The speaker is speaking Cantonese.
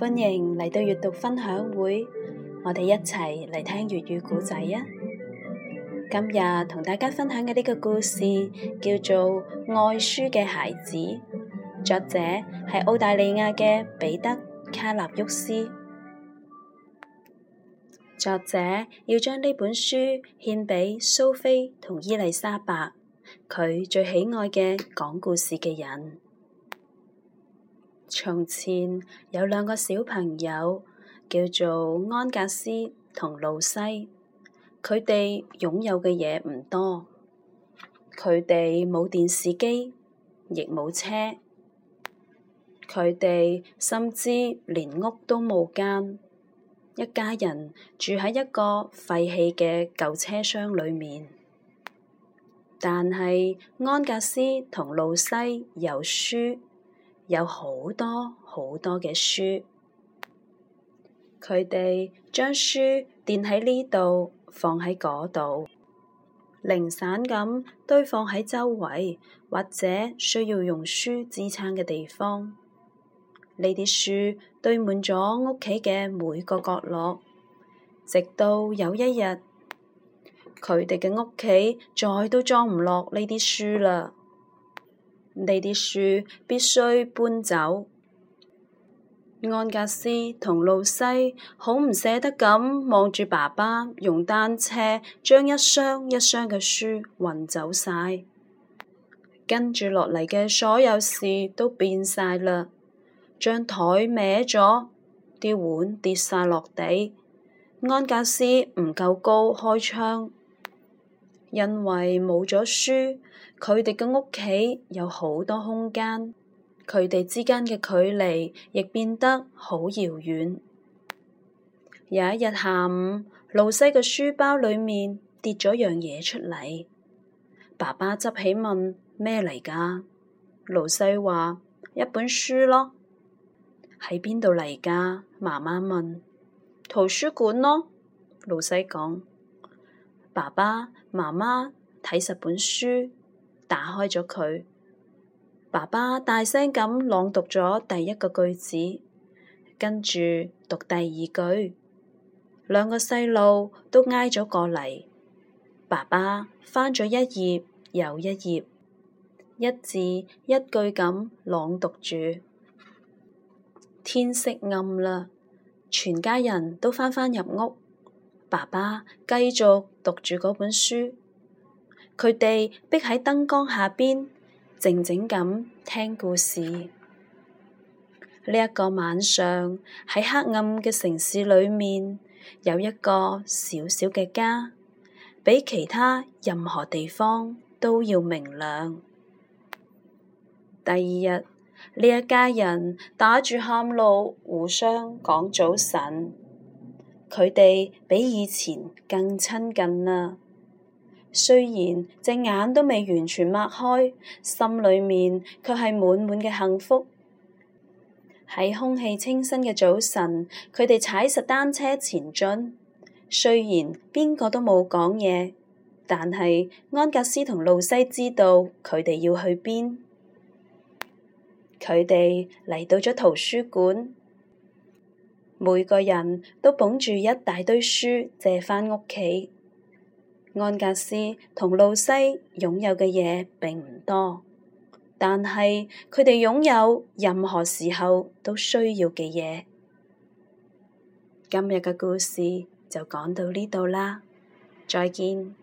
歡迎嚟到閱讀分享會，我哋一齊嚟聽粵語故仔啊！今日同大家分享嘅呢個故事叫做《愛書嘅孩子》，作者係澳大利亞嘅彼得·卡納沃斯。作者要將呢本書獻俾蘇菲同伊麗莎白，佢最喜愛嘅講故事嘅人。從前有兩個小朋友，叫做安格斯同露西。佢哋擁有嘅嘢唔多，佢哋冇電視機，亦冇車，佢哋甚至連屋都冇間。一家人住喺一個廢棄嘅舊車廂裏面，但係安格斯同露西有書。有好多好多嘅書，佢哋將書墊喺呢度，放喺嗰度，零散咁堆放喺周圍，或者需要用書支撐嘅地方。呢啲書堆滿咗屋企嘅每個角落，直到有一日，佢哋嘅屋企再都裝唔落呢啲書啦。你啲書必須搬走。安格斯同露西好唔捨得咁望住爸爸用單車將一箱一箱嘅書運走晒。跟住落嚟嘅所有事都變晒啦。張枱歪咗，啲碗跌晒落地。安格斯唔夠高開窗。因為冇咗書，佢哋嘅屋企有好多空間，佢哋之間嘅距離亦變得好遙遠。有一日下午，露西嘅書包裏面跌咗樣嘢出嚟，爸爸執起問，咩嚟㗎？「露西話，一本書咯。喺邊度嚟㗎？媽媽問。圖書館咯，露西講。爸爸媽媽睇實本書，打開咗佢。爸爸大聲咁朗讀咗第一個句子，跟住讀第二句。兩個細路都挨咗過嚟。爸爸翻咗一頁又一頁，一字一句咁朗讀住。天色暗喇，全家人都返返入屋。爸爸繼續讀住嗰本書，佢哋逼喺燈光下邊靜靜咁聽故事。呢一個晚上喺黑暗嘅城市裏面，有一個小小嘅家，比其他任何地方都要明亮。第二日，呢一家人打住喊路，互相講早晨。佢哋比以前更親近啦。雖然隻眼都未完全擘開，心裏面卻係滿滿嘅幸福。喺空氣清新嘅早晨，佢哋踩實單車前進。雖然邊個都冇講嘢，但係安格斯同露西知道佢哋要去邊。佢哋嚟到咗圖書館。每個人都捧住一大堆書借返屋企。安格斯同露西擁有嘅嘢並唔多，但係佢哋擁有任何時候都需要嘅嘢。今日嘅故事就講到呢度啦，再見。